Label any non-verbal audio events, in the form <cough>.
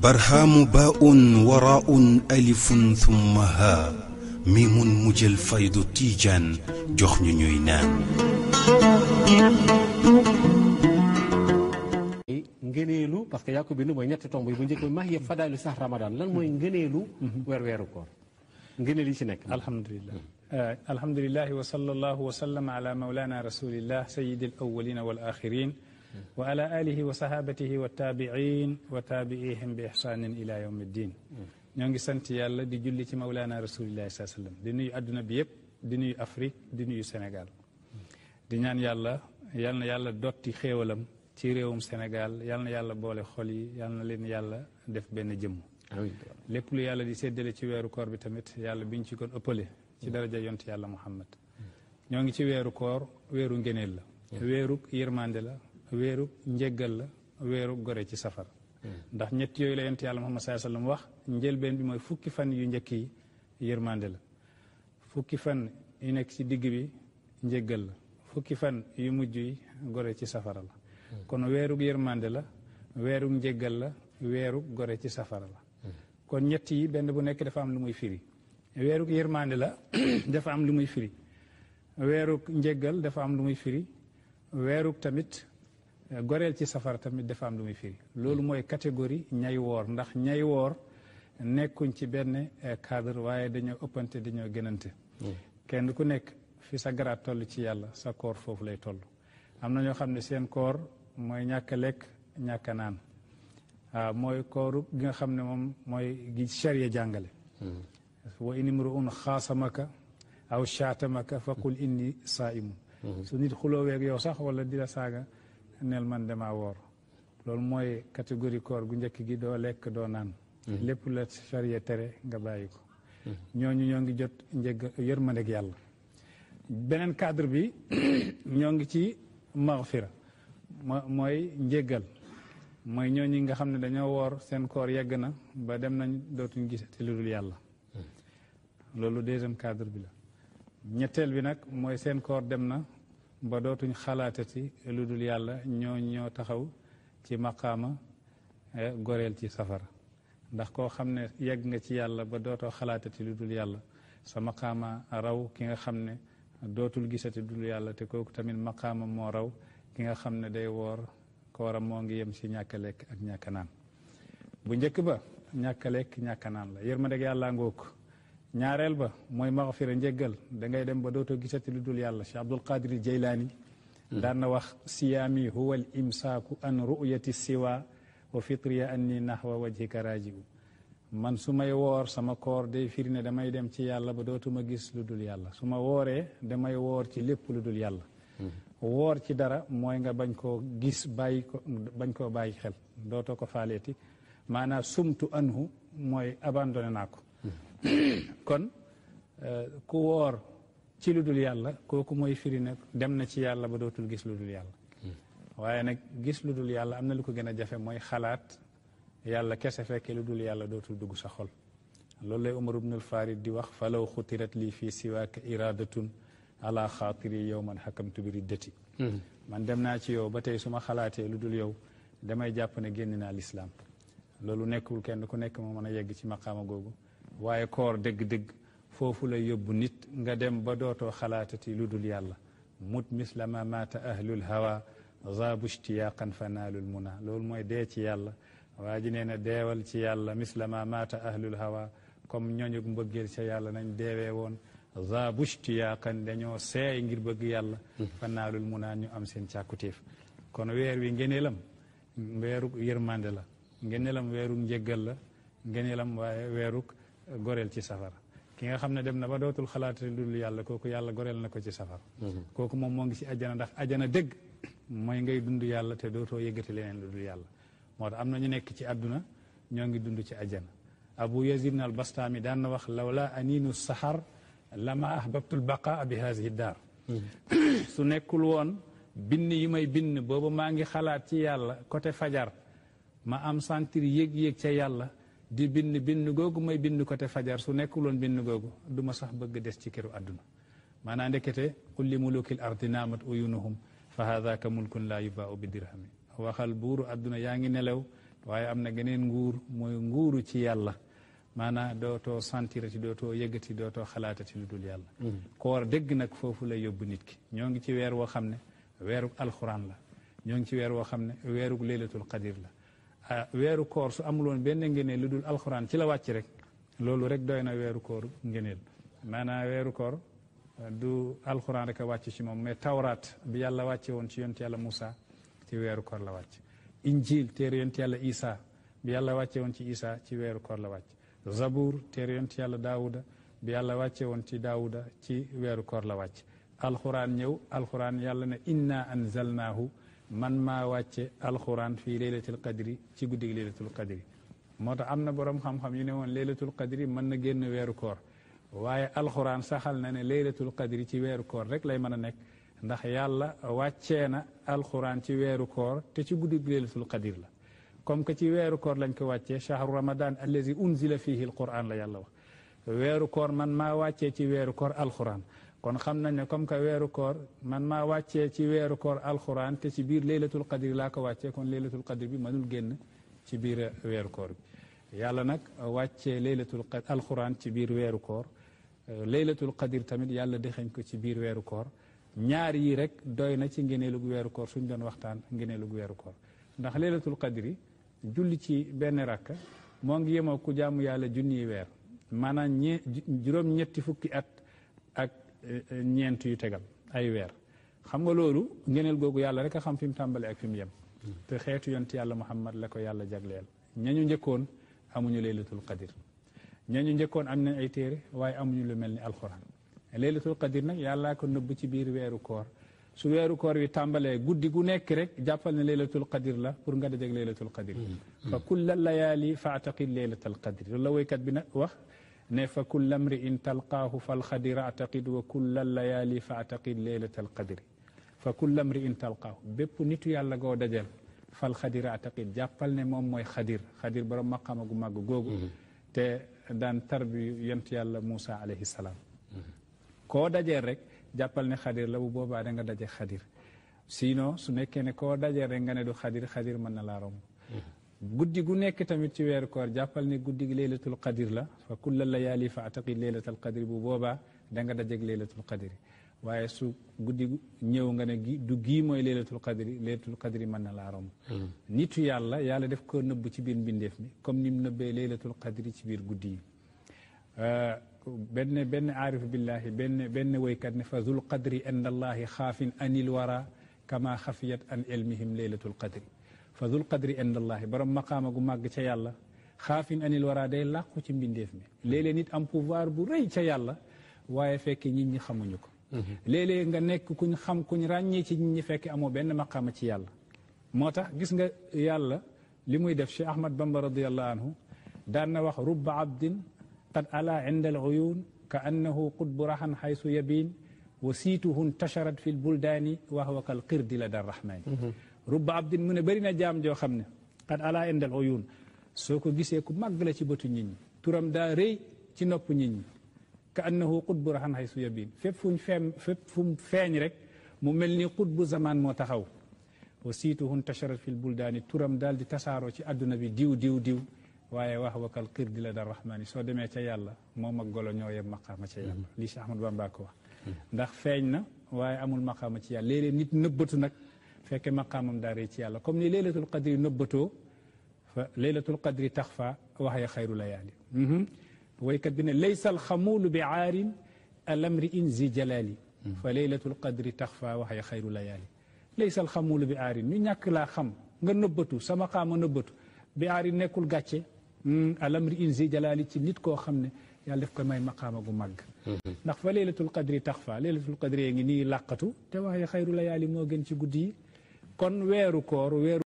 barhaamu baa'un waraa'un alifun thumma haa miimun mu jël faydu tiijaan jox ñu ñuy naan. ngëneelu parce que yaa ko bind ñetti tomb yi bu njëkk mooy mahiya fadaalu sax Ramadan lan mooy ngëneelu. Mhm. weer weeru koor ngëneel ci nekk alhamdulilah. آه، الحمد لله وصلى الله وسلم على مولانا رسول الله سيد الأولين والآخرين وعلى آله وصحابته والتابعين وتابعيهم بإحسان إلى يوم الدين نيونغي سانت يالا دي جولي تي مولانا رسول الله صلى الله عليه وسلم دي نيو ادنا بييب دي نيو افريك دي نيو سنغال دي نيان يالا يالنا يالا دوتي خيولم تي ريوم سنغال يالنا يالا بولي خولي يالنا لين يالا ديف بن جيمو lépp lu yàlla di séddale ci weeru koor bi tamit yàlla biñ ci kon ëppale ci mm. daraja yont yàlla muhammad mm. ñoo ngi ci weeru koor weeru ngeneel la weeru yërmande la weeru njëggal la weeru gore ci safar mm. ndax ñett yooyu la yont yàlla muhammad saa sallam wax njëlbeen bi mooy fukki fan yu njëkk yi yërmande la fukki fan yu nekk ci digg bi njëggal la fukki fan yu mujj yi gore ci safara la kon weeru yërmande la weeru njëggal la weeru gore ci safara la kon ñett yi benn bu nekk dafa am lu muy firi weeruk yërmande la <clears throat> dafa am lu muy firi weeruk njëggal dafa am lu muy firi weeruk tamit eh, goreel ci safara tamit dafa am lu muy firi loolu mooy catégorie ñay woor ndax ñay woor nekkuñ ci benn eh, cadre waaye dañoo ëppante dañoo gënante hmm. kenn ku nekk fi sa garaat toll ci yàlla sa koor foofu lay toll am na ñoo xam ne seen koor mooy ñàkk lekk ñàkk naan waaw ah, mooy kooru gi nga xam ne moom mooy gi charia jàngale hmm. wa in imruun xaasamaka aw chaatamaka fa qul inni saaimun hmm. su nit xulooweeg yow sax wala di la saaga neel man damaa woor loolu mooy catégorie koor gu njëkk gi doo lekk doo naan hmm. lépp la charia tere nga bàyyi ko ñooñu ñoo ngi jot njëg yërmandeg yàlla beneen cadre bi <clears throat> ñoo ngi ci maxfira mooy njéggal mooy ñooñu nga xam ne dañoo woor seen koor yegg na ba dem nañ dootuñ gisati lu dul yàlla loolu deuxième cadre bi la ñetteel bi nag mooy seen koor dem na ba dootuñ xalaatati lu dul yàlla ñoo ñoo taxaw ci maqaama e, goreel ci safara ndax koo xam ne yegg nga ci yàlla ba dootoo xalaatati lu dul yàlla sa maqaama raw ki nga xam ne dootul gisati dul yàlla te kooku tamit maqaama moo raw ki nga xam ne day woor kooram moo ngi yem si ñàkk lekk ak ñàkk naan bu njëkk ba ñàkk lekk ñàkk naan la yërmande yàlla ngook ñaareel ba mooy maxfira njëggal da ngay dem ba dootoo gisati lu dul yàlla Cheikh Abdul Qadir Jeylaani hmm. daan na wax siyaami huwa al imsaaku an ruyati siwa wa fitriya anni nahwa wajhika rajiu man su may woor sama koor day firi ne damay dem ci yàlla ba dootuma gis lu dul yàlla su ma wooree may woor ci lépp lu dul yàlla woor ci dara mooy nga bañ koo gis bàyyi ko bañ koo bàyyi xel dootoo ko faaleeti maanaa sumtu anhu mooy abandonné naa ko hmm. kon euh, ku woor ci lu dul yàlla kooku mooy firi ne dem na ci yàlla ba dootul gis lu dul yàlla hmm. waaye nag gis lu dul yàlla am na lu ko gën a jafe mooy xalaat yàlla kese fekke lu dul yàlla dootul dugg sa xol loolu lay Umar ibnul Farid di wax falaw xutirat lii fii siwaaka iradatun ala xaatiri yow man xakamtu biri dëti hmm. man dem naa ci yow ba tey su ma xalaatee lu dul yow damay jàpp ne génn naa lislaam loolu nekkul kenn ku nekk ma mën a yegg ci maqaama googu waaye koor dëgg-dëgg foofu la yóbbu nit nga dem ba dootoo xalaatati lu dul yàlla mut mislama maata ahlul hawa zaabu ishtiyaaqan fa naalul muna loolu mooy dee ci yàlla waa ji na deewal ci yàlla mislama maata ahlul hawa comme ñooñu mbëggeel ca yàlla nañ deewee woon za bushti yaa kan dañoo seey ngir bëgg yàlla fannaalul mu naa ñu am seen càkkutéef kon weer wi ngeneelam weeru yërmande la ngeneelam weeru njëggal la ngeneelam waaye weeru goreel ci safar ki nga xam ne dem na ba dootul xalaat dul yàlla kooku yàlla goreel na ko ci safar kooku moom moo ngi ci ajjana ndax ajjana dëgg mooy ngay dund yàlla te dootoo yëggati leneen lu dul yàlla moo tax am na ñu nekk ci àdduna ñoo ngi dund ci ajjana abu yazid al bastami daan na wax lawla aninu sahar lama ahbabtul baqaa bi haasihi daar su nekkul woon bind yi may bind boobu maa ngi xalaat ci yàlla côté fajar ma am sentir yéeg-yéeg ca yàlla di bind bind googu may bind côté fajar su nekkul woon bind googu du ma sax bëgg des ci këru àdduna maanaam ndekete qul li mulukil ardi naamat uyunuhum fa haadaka mulkun laa yubaau bi dirhami waxal buuru àdduna yaa ngi nelaw waaye am na geneen nguur mooy nguuru ci yàlla maanaa ci sentirati dootoo yëgati dootoo ci lu dul yàlla koor dëgg nag foofu la yóbbu nit ki ñoo ngi ci weer woo xam ne weeruk alxuraan la ñoo ngi ci weer woo xam ne weeruk leylatul qadir la weeru koor su amuloon benn ngeneel lu dul alxuraan ci la wàcc rek loolu rek doy na weeru koor ngeneel maanaa weeru koor du alxuraan rek a wàcc ci moom mais tawraat bi yàlla wàcce woon ci yonti yàlla Moussa ci weeru koor la wàcc injil téere yonti yàlla Isa bi yàlla wàcce woon ci Isa ci weeru koor la wàcc zabour téere yonent yàlla daawuda bi yàlla wàcce woon ci daawuda ci weeru koor la wàcc alxuraan ñëw alxuraan yàlla ne inna anzalnaahu man maa wàcce alxuraan fii leylatul qadri ci guddig leylatul qadri moo tax am na boroom xam-xam yu ne woon leylatul qadri mën na génn weeru koor waaye alxuraan saxal na ne leylatul qadri ci weeru koor rek lay mën a nekk ndax yàlla wàccee na alxuraan ci weeru koor te ci guddig leylatul qadri la كم كتي وير كور koor lañ ko wàccee shahru ramadan allazi unzila fihi alquran la yàlla wax weeru koor man maa wàccee ci weeru koor alquran kon xam nañ ne comme que weeru koor man maa wàccee ci weeru koor alquran ليلة القدر biir laylatul qadri laa ko wàccee kon laylatul qadri bi mënul génn ci biir weeru koor bi yàlla nag wàccee laylatul alquran ñaar yi rek doy na ci ngeneelug weeru koor suñ doon waxtaan ngeneelug weeru koor ndax laylatul qadri julli ci benn rakk moo ngi yemoo ku jaamu yàlla junniy weer maanaam ñe juróom-ñetti fukki at ak eh, ñeent yu tegal ay weer xam nga loolu ngeneel googu yàlla rek a xam fi mu tàmbalee ak fi mu yem te xeetu yont yàlla muhammad la ko yàlla jagleel ñañu njëkkoon amuñu laylatul qadir ñañu njëkkoon am nañ ay téere waaye amuñu lu mel ni alxuraan laylatul qadir nag yàllaa ko nëbb ci biir weeru koor su weeru koor wi tàmbalee guddi gu nekk rek jàppal ne laylatul qadr la pour nga dajeeg laylatul qadr fa kulla layaali faataqid laylatal qadr loolu la woykat bi nag wax ne fa kulla mri in talqaahu fal xadir ataqid wa kulla layaali faataqid laylatal qadr fa kulla mri in talqaahu bépp nitu yàlla goo dajal fal xadir ataqid jàppal ne moom mooy xadir xadir borom maqaama gu màgg googu te daan tarbi yent yàlla Moussa alayhi salaam koo dajeel rek jàppal ne xadir la bu boobaa da nga daje xadir sinon su nekkee ne koo daje rek nga ne du xadir xadir mën na laa romb guddi gu nekk tamit ci weeru koor jàppal ne guddi gi laylatul qadir la fa kulla layaali fa ataqid laylatul qadir bu boobaa da nga dajeg laylatul qadir waaye su guddi ñëw nga ne gi du gii mooy laylatul qadri laylatul qadri mën na laa romb nitu yàlla yàlla def ko nëbb ci biir mbindeef mi comme ni mu nëbbee laylatul qadri ci biir guddi yi بن بن عارف billahi بن بن woykat ne القدر ان qadri خاف ان الورى كما خفيت kama علمهم an القدر فذو qadri ان الله qadri مقام allahi borom maqaama خاف ان الورى yàlla xaafin anil مبنديف day làqu ci mbindeef mi léeg-léeg nit am pouvoir bu rëy ca yàlla waaye fekk nga nek kuñ xam kuñ ragne ci nit ñi fekk amo ben maqama ci yàlla motax gis nga yàlla limuy def Cheikh Ahmad Bamba radiyallahu anhu dan na wax rubba abdin قد ألا عند العيون كأنه قد برحا حيث يبين وسيته انتشرت في البلدان وهو كالقرد لدى الرحمن رب عبد من برنا جام جو خمنا قد ألا عند العيون سوكو جيسي كو مغلا تي بوتو نيني تورم دا ري تي نوب نيني كأنه قد برحا حيث يبين فيب فون فيم فيب فون فين رك mu mel ni xut bu zamaan moo taxaw wa siitu hun tasharat fil buldaani turam daal di tasaaroo ci àdduna bi waaye wax wakal xirdi la dal rahmaani soo demee ca yàlla moom ak golo ñoo yem maqaama ca yàlla li Cheikh ahmad Bamba ko wax ndax feeñ na waaye amul maqaama ci yàlla nit nëbbatu nag fekke maqaamam daare ci yàlla comme ni laylatul qadri nëbbatoo fa laylatul qadri tax fa waxee xayru layaali waykat bi ne laysal alxamuulu bi aarin alamri in zi jalaali fa laylatul qadri tax fa waxee xayru layaali laysal alxamuulu bi aarin ñu ñàkk laa xam nga nëbbatu sama xaama nëbbatu bi aarin nekkul gàcce alamri in zi jalaali ci nit koo xam ne yàlla def ko may maqaama gu màgg ndax fa laylatul qadri tax fa laylatul qadri ngi ni làqatu te waaye xayru layaali moo gën ci guddi yi kon weeru koor weeru